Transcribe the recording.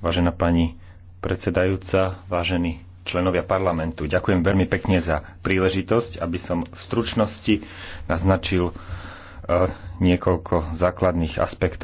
Vážená pani predsedajúca, vážení členovia parlamentu, ďakujem veľmi pekne za príležitosť, aby som v stručnosti naznačil eh, niekoľko základných aspektov.